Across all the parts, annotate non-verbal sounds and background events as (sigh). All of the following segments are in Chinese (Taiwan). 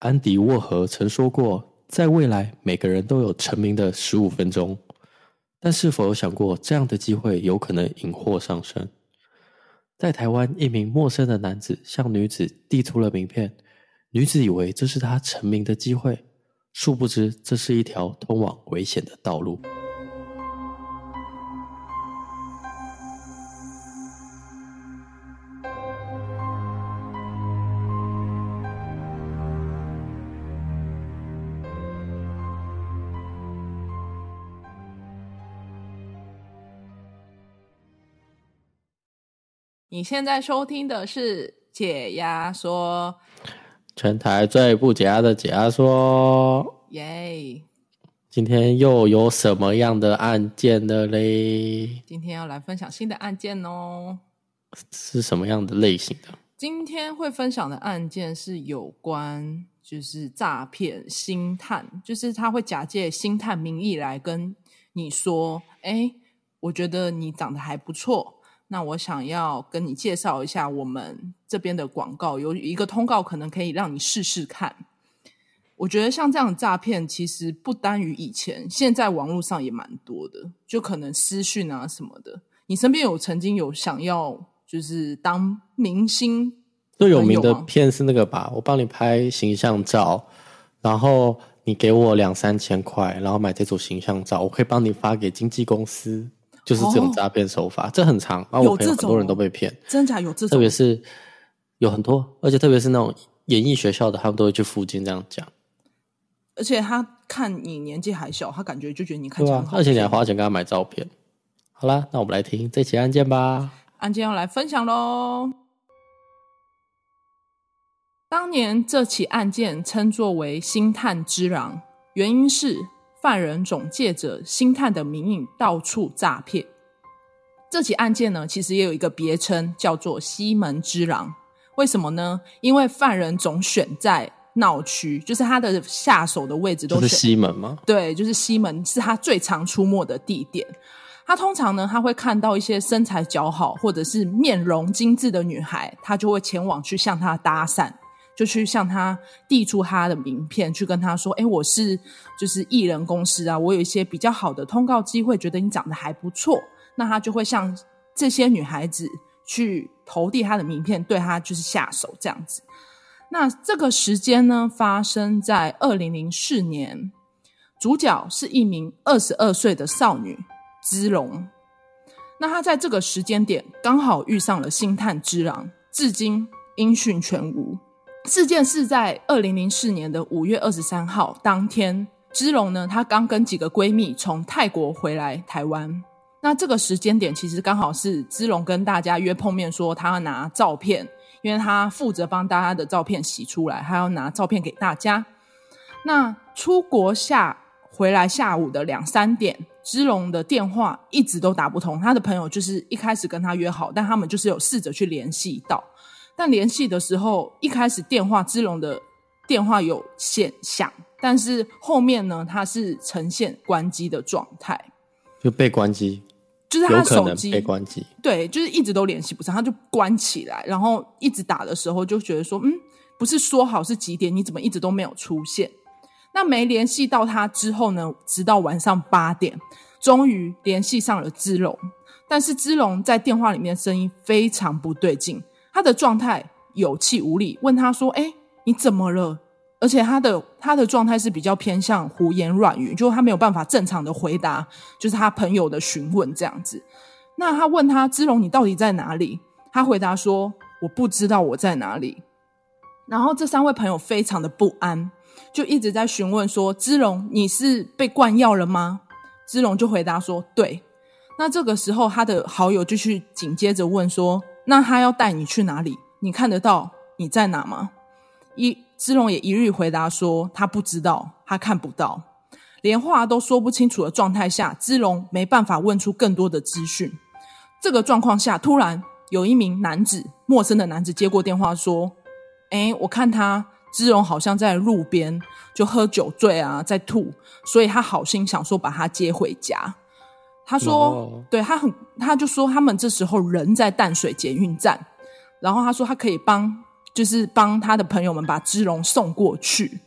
安迪沃荷曾說過：“在未來，每個人都有成名的十五分鐘。”但是否有想過，這樣的機會有可能引禍上身？在台灣，一名陌生的男子向女子遞出了名片，女子以為這是她成名的機會，殊不知這是一條通往危險的道路。你現在收聽的是解壓說，全台最不解壓的解壓說，耶 Yeah！今天又有什麼樣的案件了嘞？今天要來分享新的案件哦，是什麼樣的類型的？今天會分享的案件是有關就是詐騙星探，就是他會假借星探名義來跟你說，哎，我覺得你長得還不錯。那我想要跟你介紹一下我們這邊的廣告，有一個通告可能可以讓你試試看。我覺得像這樣的詐騙，其實不單於以前，現在網絡上也蠻多的，就可能私訊啊什麼的。你身邊有曾經有想要就是當明星最有名的騙是那個吧？我幫你拍形象照，然後你給我兩三千塊，然後買這組形象照，我可以幫你發給經紀公司。就是這種詐騙手法，oh, 這很長，然後我朋友很多人都被騙，真假有這種，的的這種特別是有很多，而且特別是那種演藝學校的，他們都會去附近這樣講。而且他看你年紀還小，他感覺就覺得你看起來很好吧，而且你還花錢給他買照片。嗯、好啦，那我們來聽這起案件吧。案件要來分享嘍。當年這起案件稱作為星探之狼，原因是。犯人總借着星探的名義到處詐騙。這起案件呢，其實也有一個別稱，叫做西門之狼。為什麼呢？因為犯人總選在鬧區，就是他的下手的位置都是西門嗎？對，就是西門是他最常出沒的地點。他通常呢，他會看到一些身材姣好或者是面容精致的女孩，他就會前往去向她搭訕。就去向他遞出他的名片，去跟他說：“哎、欸，我是就是藝人公司啊，我有一些比較好的通告機會，覺得你長得還不錯。”那他就會向這些女孩子去投遞他的名片，對他就是下手這樣子。那這個時間呢，發生在二零零四年，主角是一名二十二歲的少女姿蓉。那她在這個時間點剛好遇上了星探之狼，至今音訊全無。事件是在二零零四年的五月二十三號當天，姿蓉呢，她剛跟幾個閨蜜從泰國回來台灣。那這個時間點其實剛好是姿蓉跟大家約碰面，說他要拿照片，因為他負責幫大家的照片洗出來，還要拿照片給大家。那出國下回來下午的兩三點，姿蓉的電話一直都打不通，他的朋友就是一開始跟他約好，但他們就是有試着去聯繫到。但聯繫的時候，一開始電話姿蓉的電話有響，但是後面呢，他是呈現關機的狀態，就被關機，就是他的手機被關機，對，就是一直都聯繫不上，他就關起來，然後一直打的時候就覺得說，嗯，不是說好是幾點，你怎麼一直都沒有出現？那沒聯繫到他之後呢，直到晚上八點，終於聯繫上了姿蓉，但是姿蓉在電話裡面聲音非常不對勁。他的狀態有氣無力，問他說：“哎、欸，你怎麼了？”而且他的他的狀態是比較偏向胡言亂語，就他沒有辦法正常的回答，就是他朋友的詢問這樣子。那他問他：“姿蓉，你到底在哪裡？”他回答說：“我不知道我在哪裡。”然後這三位朋友非常的不安，就一直在詢問說：“姿蓉，你是被灌藥了嗎？”姿蓉就回答說：“對。”那這個時候，他的好友就去緊接着問說。那他要帶你去哪裡？你看得到你在哪嗎？一姿蓉也一律回答說他不知道，他看不到，連話都說不清楚的狀態下，姿蓉沒辦法問出更多的資訊。這個狀況下，突然有一名男子，陌生的男子接過電話說：“誒，欸，我看他姿蓉好像在路邊，就喝酒醉啊，在吐，所以他好心想說把他接回家。”他說：“ oh. 對，他很，他就說他們這時候人在淡水捷運站，然後他說他可以幫，就是幫他的朋友們把姿蓉送過去。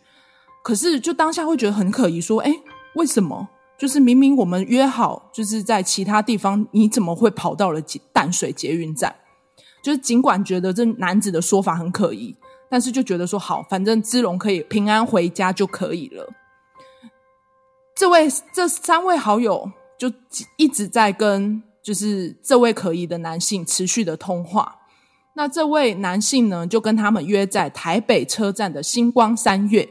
可是就當下會覺得很可疑，說：哎，為什麼？就是明明我們約好，就是在其他地方，你怎麼會跑到了淡水捷運站？就是儘管覺得這男子的說法很可疑，但是就覺得說好，反正姿蓉可以平安回家就可以了。這位，這三位好友。”就一直在跟就是這位可疑的男性持續的通話，那這位男性呢，就跟他們約在台北車站的星光三越。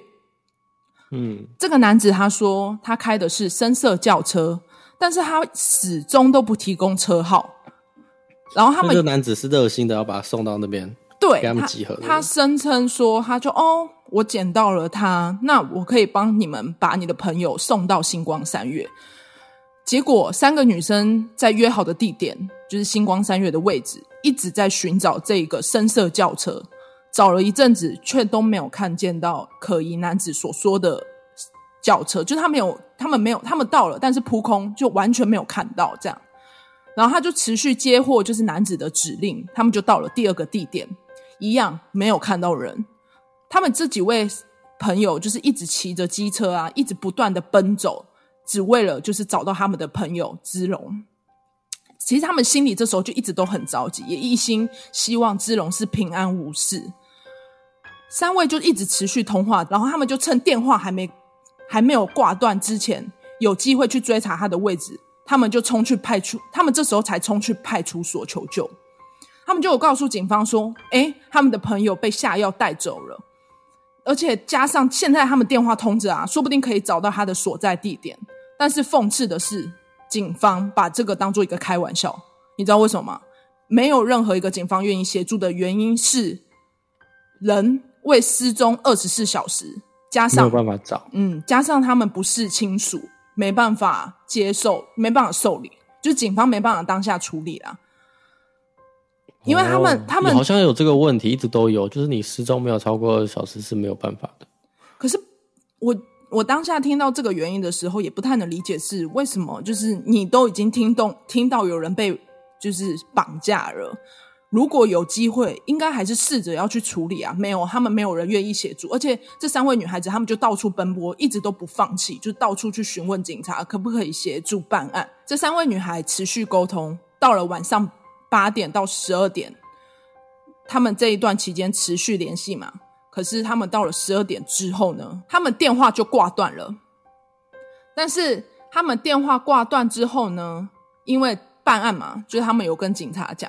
嗯，這個男子他說他開的是深色轎車，但是他始終都不提供車號。然後他們這個男子是熱心的要把他送到那邊，對，給他們集合、這個他。他聲稱說，他就哦，我撿到了他，那我可以幫你們把你的朋友送到星光三越。結果，三個女生在約好的地點，就是星光三月的位置，一直在尋找這一個深色轎車，找了一陣子，卻都沒有看見到可疑男子所說的轎車，就是他沒有，他們沒有，他們到了，但是撲空，就完全沒有看到這樣。然後他就持續接獲，就是男子的指令，他們就到了第二個地點，一樣沒有看到人。他們這幾位朋友就是一直騎着機車啊，一直不斷的奔走。只為了就是找到他們的朋友姿蓉，其實他們心裡這時候就一直都很着急，也一心希望姿蓉是平安無事。三位就一直持續通話，然後他們就趁電話還沒還沒有掛斷之前，有機會去追查他的位置，他們就衝去派出，他們這時候才衝去派出所求救。他們就有告訴警方說：“誒，他們的朋友被下藥帶走了，而且加上現在他們電話通着啊，說不定可以找到他的所在地點。”但是諷刺的是，警方把這個當做一個開玩笑，你知道為什麼嗎？沒有任何一個警方願意協助的原因是，人為失蹤二十四小時，加上沒有辦法找，嗯，加上他們不是親屬，沒辦法接受，沒辦法受理，就警方沒辦法當下處理啦。因為他們他們好像有這個問題，一直都有，就是你失蹤沒有超過二十四小時是沒有辦法的。可是我。我當下聽到這個原因的時候，也不太能理解是為什麼。就是你都已經聽懂，聽到有人被就是綁架了，如果有機會，應該還是試着要去處理啊。沒有，他們沒有人願意協助，而且這三位女孩子她們就到處奔波，一直都不放棄，就到處去詢問警察可不可以協助辦案。這三位女孩持續溝通，到了晚上八點到十二點，她們這一段期間持續聯繫嘛。可是他們到了十二點之後呢，他們電話就掛斷了。但是他們電話掛斷之後呢，因為辦案嘛，就是他們有跟警察講，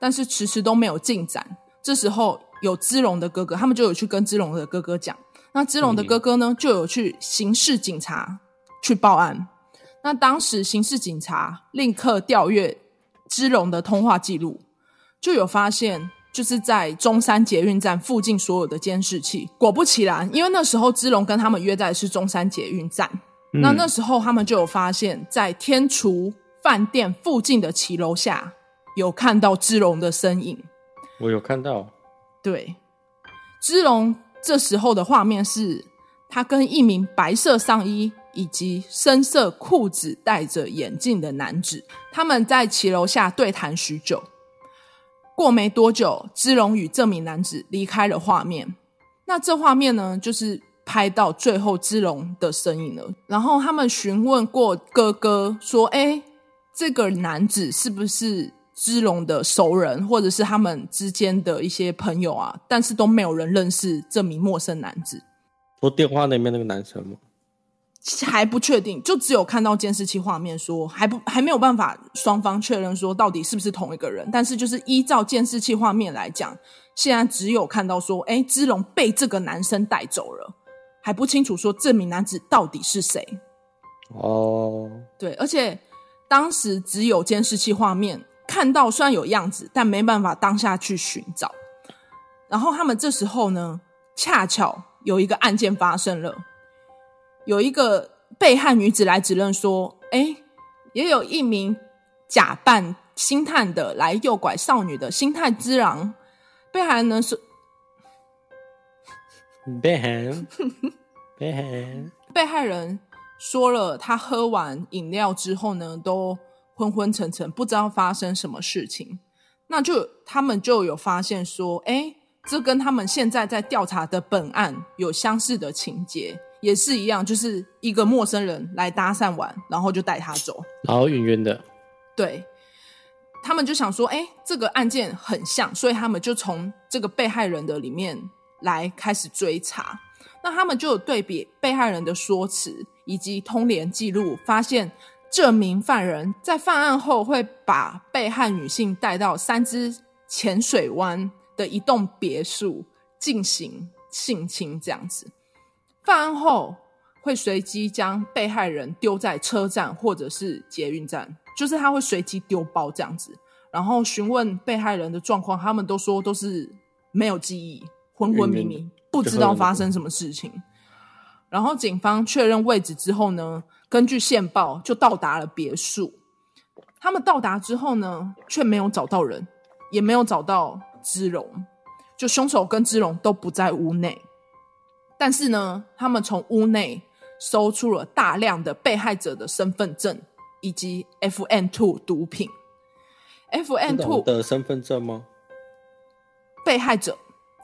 但是遲遲都沒有進展。這時候有姿蓉的哥哥，他們就有去跟姿蓉的哥哥講。那姿蓉的哥哥呢，就有去刑事警察去報案。那當時刑事警察立刻調閱姿蓉的通話記錄，就有發現。就是在中山捷運站附近所有的監視器，果不其然，因為那時候姿蓉跟他們約在的是中山捷運站，嗯、那那時候他們就有發現，在天廚飯店附近的騎樓下有看到姿蓉的身影。我有看到，對，姿蓉這時候的畫面是他跟一名白色上衣以及深色褲子、戴着眼鏡的男子，他們在騎樓下對談許久。過沒多久，姿蓉與這名男子離開了畫面。那這畫面呢，就是拍到最後姿蓉的身影了。然後他們詢問過哥哥說：“哎、欸，這個男子是不是姿蓉的熟人，或者是他們之間的一些朋友啊？”但是都沒有人認識這名陌生男子。不是電話那邊那個男生嗎？還不確定，就只有看到監視器畫面說還不還沒有辦法雙方確認說到底是不是同一個人，但是就是依照監視器畫面來講，現在只有看到說，哎、欸，姿蓉被這個男生帶走了，還不清楚說這名男子到底是誰。哦，oh. 對，而且當時只有監視器畫面看到，雖然有樣子，但沒辦法當下去尋找。然後他們這時候呢，恰巧有一個案件發生了。有一個被害女子來指認說：“哎、欸，也有一名假扮星探的來誘拐少女的星探之狼，被害人呢是被害人被害人，說了他喝完飲料之後呢，都昏昏沉沉，不知道發生什麼事情。那就他們就有發現說，哎、欸，這跟他們現在在調查的本案有相似的情節。”也是一樣，就是一個陌生人來搭訕完，然後就帶他走，好，遠遠的。對，他們就想說，哎，這個案件很像，所以他們就從這個被害人的裡面來開始追查。那他們就有對比被害人的說辭以及通聯記錄，發現這名犯人在犯案後會把被害女性帶到三芝淺水灣的一棟別墅進行性侵，這樣子。犯案後會隨機將被害人丟在車站或者是捷運站，就是他會隨機丟包這樣子，然後詢問被害人的狀況，他們都說都是沒有記憶、昏昏迷迷，不知道發生什麼事情。然後警方確認位置之後呢，根據線報就到達了別墅。他們到達之後呢，卻沒有找到人，也沒有找到姿蓉，就兇手跟姿蓉都不在屋內。但是呢，他們從屋內搜出了大量的被害者的身份證以及 FM2 毒品。FM2 的身份證嗎？被害者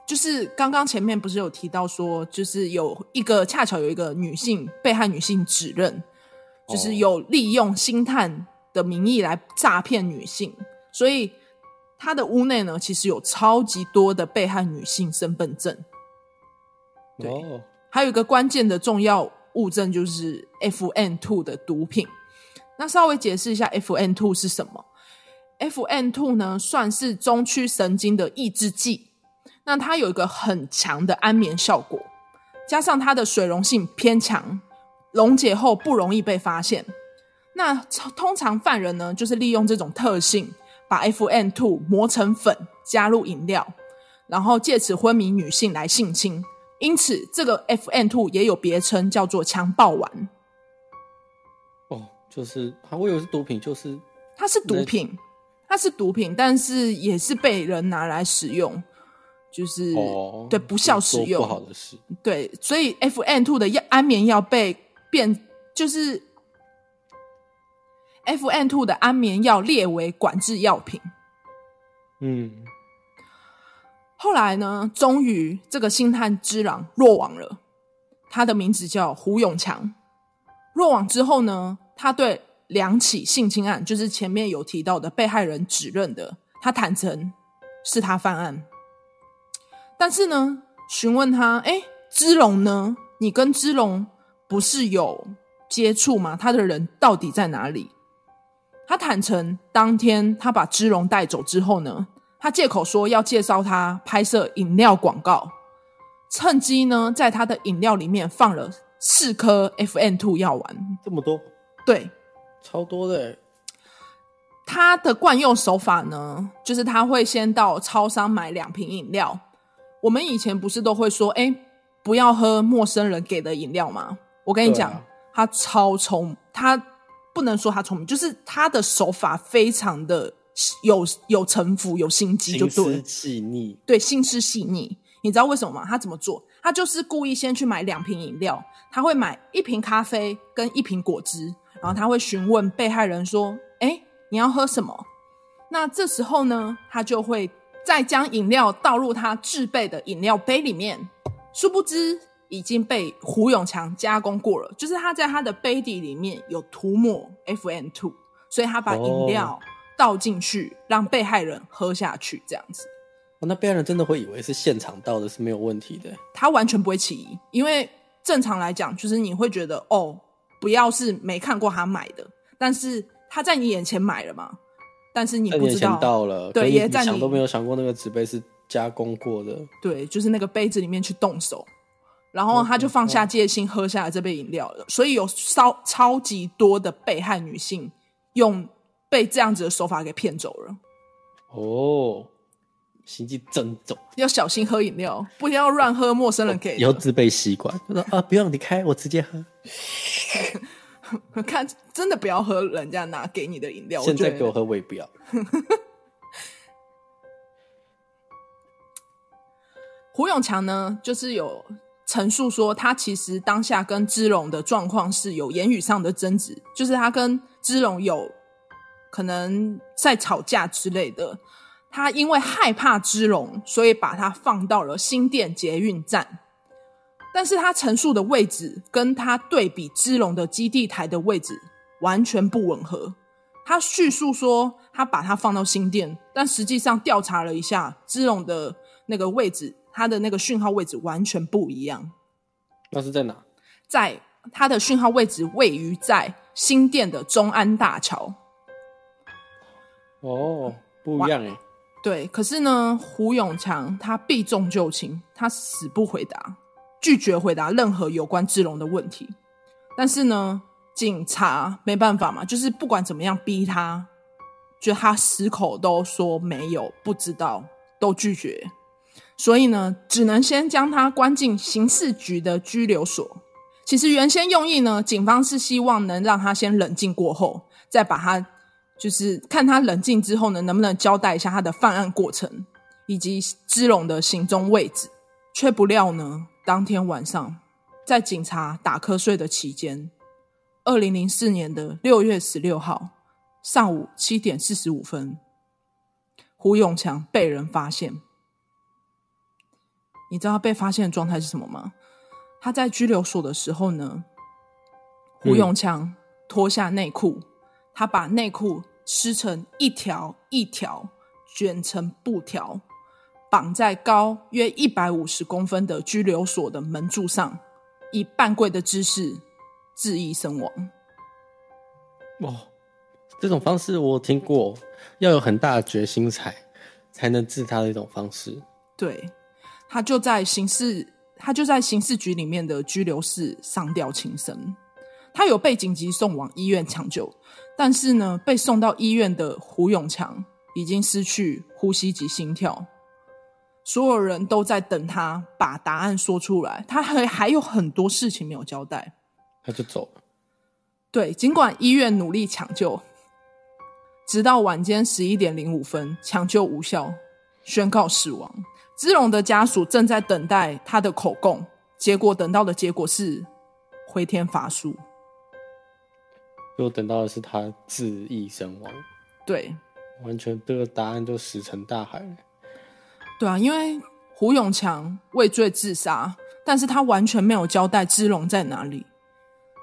就是剛剛前面不是有提到說，就是有一個恰巧有一個女性被害女性指認，哦、就是有利用星探的名義來詐騙女性，所以他的屋內呢，其實有超級多的被害女性身份證。對，哦，還有一個關鍵的重要物證就是 FM two 的毒品。那稍微解釋一下，FM two 是什麼？FM two 呢，算是中樞神經的抑制劑。那它有一個很強的安眠效果，加上它的水溶性偏強，溶解後不容易被發現。那通常犯人呢，就是利用這種特性，把 FM two 磨成粉，加入飲料，然後借此昏迷女性來性侵。因此，這個 F N two 也有別稱，叫做“強暴丸”。哦，就是，我以為是毒品，就是它是毒品，它是毒品，但是也是被人拿來使用，就是對不孝使用，對，所以 F N two 的安眠藥被變，就是 F N two 的安眠藥列為管制藥品。嗯。後來呢，終於這個星探之狼落網了，他的名字叫胡永強。落網之後呢，他對兩起性侵案，就是前面有提到的被害人指認的，他坦承是他犯案。但是呢，詢問他，哎，姿蓉呢？你跟姿蓉不是有接觸嗎？他的人到底在哪裡？他坦承，當天他把姿蓉帶走之後呢，他借口說要介紹他拍攝飲料廣告，趁機呢，在他的飲料裡面放了四顆 FM2 藥丸，這麼多？對，超多的。他的慣用手法呢，就是他會先到超商買兩瓶飲料。我們以前不是都會說，哎，不要喝陌生人給的飲料嗎？我跟你講，啊、他超聰明，他不能說他聰明，就是他的手法非常的。有有城府、有心機，就對了。心思細膩。對，心思細膩。你知道為什麼嗎？他怎麼做？他就是故意先去買兩瓶飲料，他會買一瓶咖啡跟一瓶果汁，然後他會詢問被害人說：“哎、欸，你要喝什麼？”那這時候呢，他就會再將飲料倒入他制備的飲料杯裡面，殊不知已經被胡永強加工過了。就是他在他的杯底裡面有塗抹 FM2，所以他把飲料、哦。倒進去，讓被害人喝下去，這樣子、哦。那被害人真的會以為是現場倒的，是沒有問題的。他完全不會起疑，因為正常來講，就是你會覺得哦，不要是沒看過他買的，但是他在你眼前買了嘛，但是你不知道前倒了，對，你也在你你想都沒有想過那個紙杯是加工過的。對，就是那個杯子裡面去動手，然後他就放下戒心，喝下來這杯飲料了。所以有超超級多的被害女性用。被這樣子的手法給騙走了，哦，心機真重，要小心喝飲料，不要亂喝陌生人給的、哦、有自備吸管，他 (laughs) 說啊，不用，你開我直接喝。 (laughs) (laughs) 看，真的不要喝人家拿給你的飲料，現在給我喝我也不要。 (laughs) 胡永強呢，就是有陳述說，他其實當下跟姿蓉的狀況是有言語上的爭執，就是他跟姿蓉有。可能在吵架之類的，他因為害怕姿蓉，所以把他放到了新店捷運站。但是他陳述的位置跟他對比姿蓉的基地台的位置完全不吻合。他敘述說他把他放到新店，但實際上調查了一下姿蓉的那個位置，他的那個訊號位置完全不一樣。那是在哪？在他的訊號位置位於在新店的中安大橋。哦，oh, 不一樣哎。對，可是呢，胡永強他避重就輕，他死不回答，拒絕回答任何有關姿蓉的問題。但是呢，警察沒辦法嘛，就是不管怎麼樣逼他，就他死口都說沒有，不知道，都拒絕。所以呢，只能先將他關進刑事局的拘留所。其實原先用意呢，警方是希望能讓他先冷靜過後，再把他。就是看他冷靜之後呢，能不能交代一下他的犯案過程以及姿蓉的行蹤位置。卻不料呢，當天晚上在警察打瞌睡的期間，二零零四年的六月十六號上午七點四十五分，胡永強被人發現。你知道他被發現的狀態是什麼嗎？他在拘留所的時候呢，胡永強脫下內褲，嗯、他把內褲。撕成一條一條，捲成布條，綁在高約一百五十公分的拘留所的門柱上，以半跪的姿勢自縊身亡。哦，這種方式我聽過，要有很大的決心才才能治他的一種方式。對，他就在刑事，他就在刑事局裡面的拘留室上吊輕生。他有被緊急送往醫院搶救，但是呢，被送到醫院的胡永強已經失去呼吸及心跳，所有人都在等他把答案說出來，他還還有很多事情沒有交代，他就走了。對，儘管醫院努力搶救，直到晚間十一點零五分，搶救無效，宣告死亡。姿蓉的家屬正在等待他的口供，結果等到的結果是回天乏術。就等到的是他自縊身亡，對，完全這個答案就石沉大海了。對啊，因為胡永強畏罪自殺，但是他完全沒有交代姿蓉在哪裡。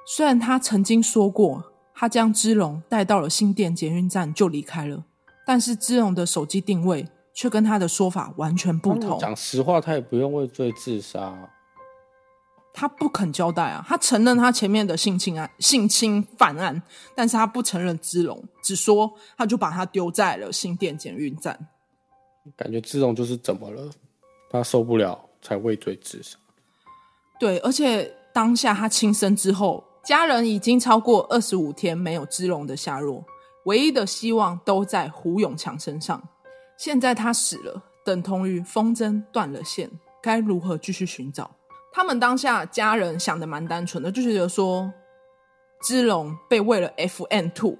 雖然他曾經說過，他將姿蓉帶到了新店捷運站就離開了，但是姿蓉的手機定位卻跟他的說法完全不同。講實話，他也不用畏罪自殺。他不肯交代啊！他承認他前面的性侵案、性侵犯案，但是他不承認姿蓉，只說他就把他丟在了新店轉運站。感覺姿蓉就是怎麼了？他受不了才畏罪自殺。對，而且當下他輕生之後，家人已經超過二十五天沒有姿蓉的下落，唯一的希望都在胡永強身上。現在他死了，等同於風箏斷了線，該如何繼續尋找？他們當下家人想的蠻單純的，就覺得說，姿蓉被餵了 FM2，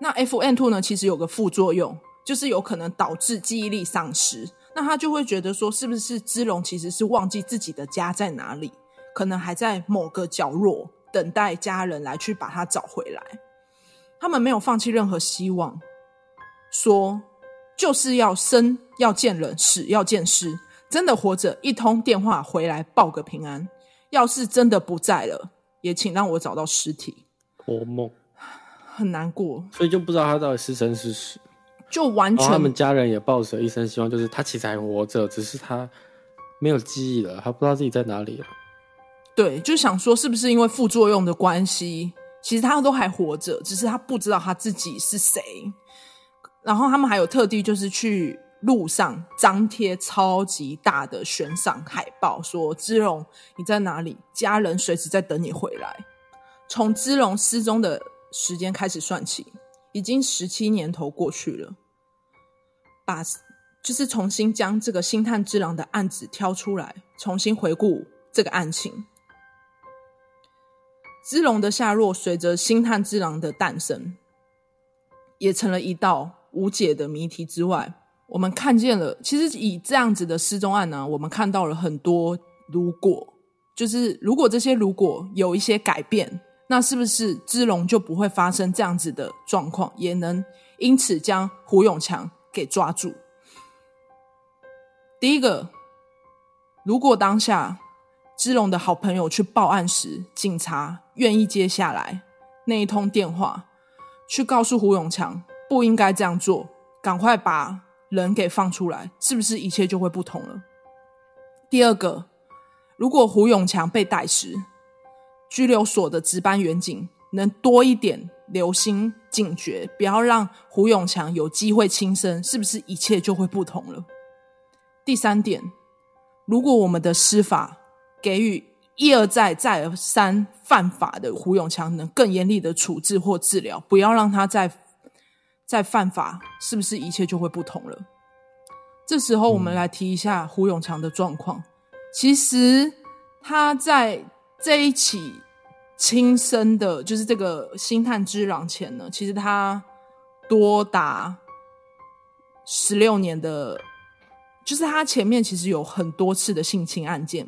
那 FM2 呢，其實有個副作用，就是有可能導致記憶力喪失。那他就會覺得說，是不是姿蓉其實是忘記自己的家在哪裡，可能還在某個角落等待家人來去把他找回來。他們沒有放棄任何希望，說就是要生要見人，死要見屍。真的活着，一通電話回來報個平安；要是真的不在了，也請讓我找到屍體。托夢，很難過，所以就不知道他到底是生是死。就完全，他們家人也抱着一絲希望，就是他其實還活着，只是他沒有記憶了，他不知道自己在哪裡了。對，就想說是不是因為副作用的關係，其實他都還活着，只是他不知道他自己是誰。然後他們還有特地就是去。路上張貼超級大的懸賞海報，說：“姿蓉你在哪裡？家人隨時在等你回來。”從姿蓉失蹤的時間開始算起，已經十七年頭過去了。把，就是重新將這個星探之狼的案子挑出來，重新回顧這個案情。姿蓉的下落，隨着星探之狼的誕生，也成了一道無解的謎題之外。我們看見了，其實以這樣子的失蹤案呢，我們看到了很多。如果就是如果這些如果有一些改變，那是不是姿蓉就不會發生這樣子的狀況，也能因此將胡永強給抓住？第一個，如果當下姿蓉的好朋友去報案時，警察願意接下來那一通電話，去告訴胡永強不應該這樣做，趕快把。人給放出來，是不是一切就會不同了？第二個，如果胡永強被逮時，拘留所的值班員警能多一點留心警覺，不要讓胡永強有機會輕生，是不是一切就會不同了？第三點，如果我們的司法給予一而再、再而三犯法的胡永強，能更嚴厲的處置或治療，不要讓他再。在犯法，是不是一切就會不同了？這時候，我們來提一下胡永強的狀況。嗯、其實他在這一起輕生的，就是這個星探之狼前呢，其實他多達十六年的，就是他前面其實有很多次的性侵案件。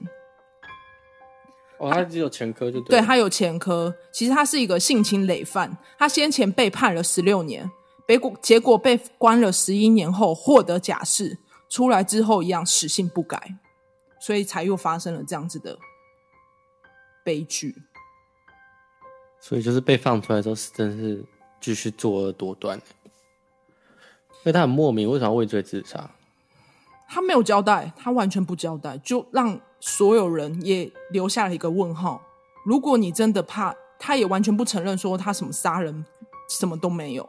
哦，他只有前科就對、啊，對，他有前科，其實他是一個性侵累犯，他先前被判了十六年。結果結果被關了十一年後獲得假釋，出來之後一樣死性不改，所以才又發生了這樣子的悲劇。所以就是被放出來之後，是真的是繼續作惡多端呢？因為他很莫名，為什麼要畏罪自殺？他沒有交代，他完全不交代，就讓所有人也留下了一個問號。如果你真的怕，他也完全不承認說他什麼殺人，什麼都沒有。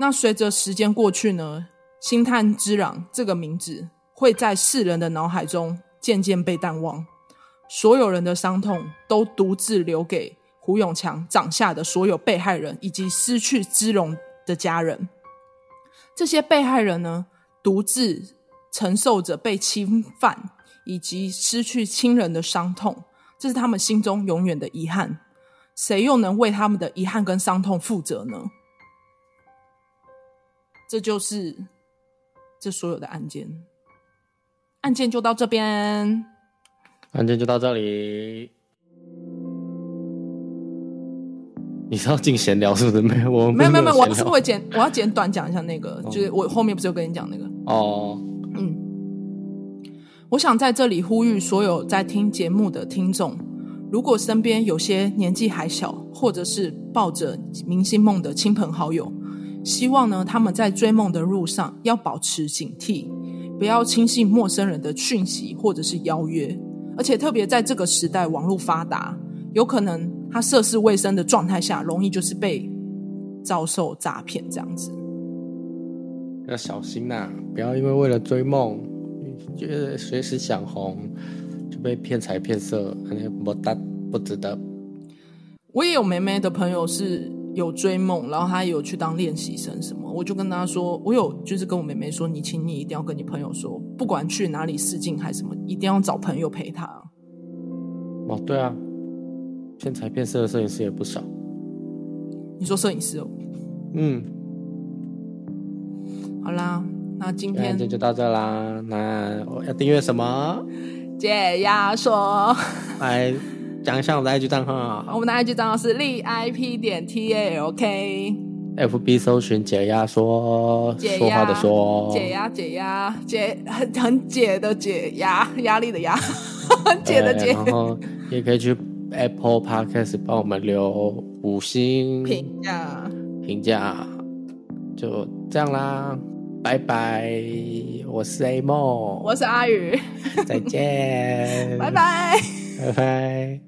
那隨着時間過去呢，星探之狼這個名字會在世人的腦海中漸漸被淡忘，所有人的傷痛都獨自留給胡永強掌下的所有被害人以及失去姿蓉的家人。這些被害人呢，獨自承受着被侵犯以及失去親人的傷痛，這是他們心中永遠的遺憾。誰又能為他們的遺憾跟傷痛負責呢？這就是這所有的案件，案件就到這邊，案件就到這裡。你是要進閒聊是不是？沒有，我沒有沒有。我是不會剪？我要簡短講一下那個，哦、就是我後面不是有跟你講那個哦。嗯，我想在這裡呼籲所有在聽節目的聽眾，如果身邊有些年紀還小或者是抱着明星夢的親朋好友。希望呢，他們在追夢的路上要保持警惕，不要輕信陌生人的訊息或者是邀約，而且特別在這個時代網絡發達，有可能他涉世未深的狀態下，容易就是被遭受詐騙這樣子。要小心吶、啊，不要因為為了追夢，就得隨時想紅就被騙財騙色，肯定不得，不值得。我也有妹妹的朋友是，有追夢，然後他也有去當練習生什麼，我就跟他說，我有就是跟我妹妹說，你請你一定要跟你朋友說，不管去哪裡試鏡還是什麼，一定要找朋友陪他。哦，對啊，騙財騙色的攝影師也不少。你說攝影師哦？嗯。好啦，那今天，天就到這啦。那我要訂閱什麼？解壓說。拜。講一下我的 IG 賬號啊，我們的 IG 賬號是 zip 點 talk，FB 搜尋解壓說解壓說話的說解壓解壓解很很解的解壓壓力的壓 (laughs) 解的解，也可以去 Apple Podcast 幫我們留五星評價評價，評價，就這樣啦，拜拜，我是 A 夢，我是阿宇，再見， (laughs) bye bye 拜拜，拜拜。